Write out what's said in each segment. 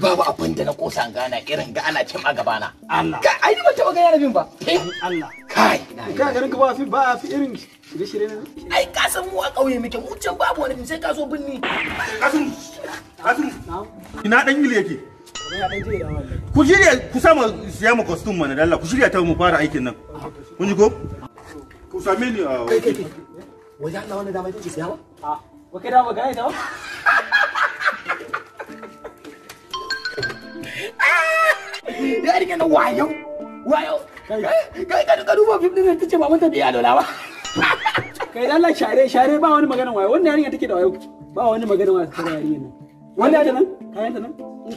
babu abin da na kosa gana irin ga ana cin a gabana. Allah. Ka ai ban taba ga yarabin ba. Allah. Kai. Ka garin ka ba fi ba fi irin shirye-shirye na. Ai ka san mu a ƙauye muke mu can babu wani sai ka so binni. Kasim. Kasim. Ina dan yake. ku shirya ku sama siya mu costume mana dalla ku shirya ta mu fara aikin nan kun ji ko ku same ni a waje Allah wannan dama kike siya ba a wa kai dama gane ta ba ya rike wayo wayo eh, kai ka duka duba fim din tace ce ba mata da yalo ba kai dalla share share ba wani magana wayo wannan yarinya take da wayo ba wani magana wayo ta yarinya nan wannan ta nan kayan ta nan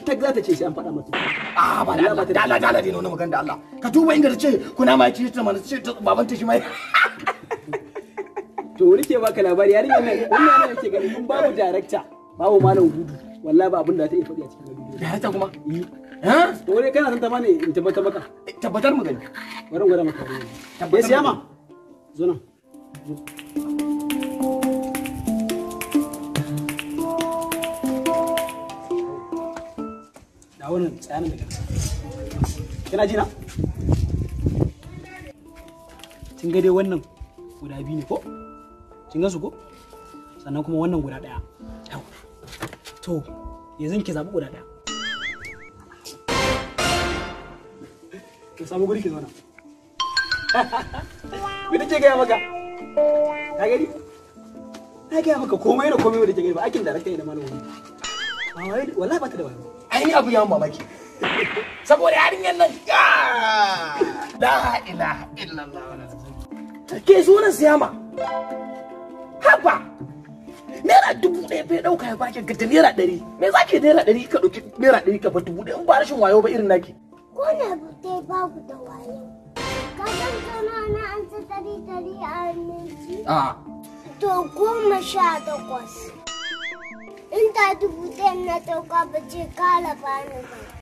ta za ta ce sai an faɗa mata a ah, ba da Allah da Allah da Allah dai magana da Allah ka duba inda ta ce kuna ma ta mana ce baban ta shi mai to rike baka labari yarinyar nan wannan yana yake gani kun babu babu malam gudu wallahi ba abin da ta iya faɗi a cikin gari director kuma eh. ha to ne kana san ma ne in tabbatar maka eh, tabbatar mu gani gwada maka tabbatar eh, ya zo nan da wannan tsayanin da kansa kina ji na kin ga dai wannan guda biyu ne ko kin ga su ko sannan kuma wannan guda daya to yanzu ki zabi guda daya ki samu guri ki zauna me nake gaya maka ka gani na gaya maka komai da komai da ke gani ba akin da rakai da malamin wallahi ba ta da wani ainihin abu yawon mamaki saboda yarinyar nan la ilaha illallah ke sunan siyama haba naira dubu ɗaya bai ɗauka ya baki gata naira ɗari me za ke naira ɗari ka ɗauki naira ɗari ka bar dubu ɗaya in ba rashin wayo ba irin naki ko na ba babu da wayo ka san sana na an ta dari dari a minti to goma sha takwas dubu ɗayan na ɗauka ba je kala bani ba.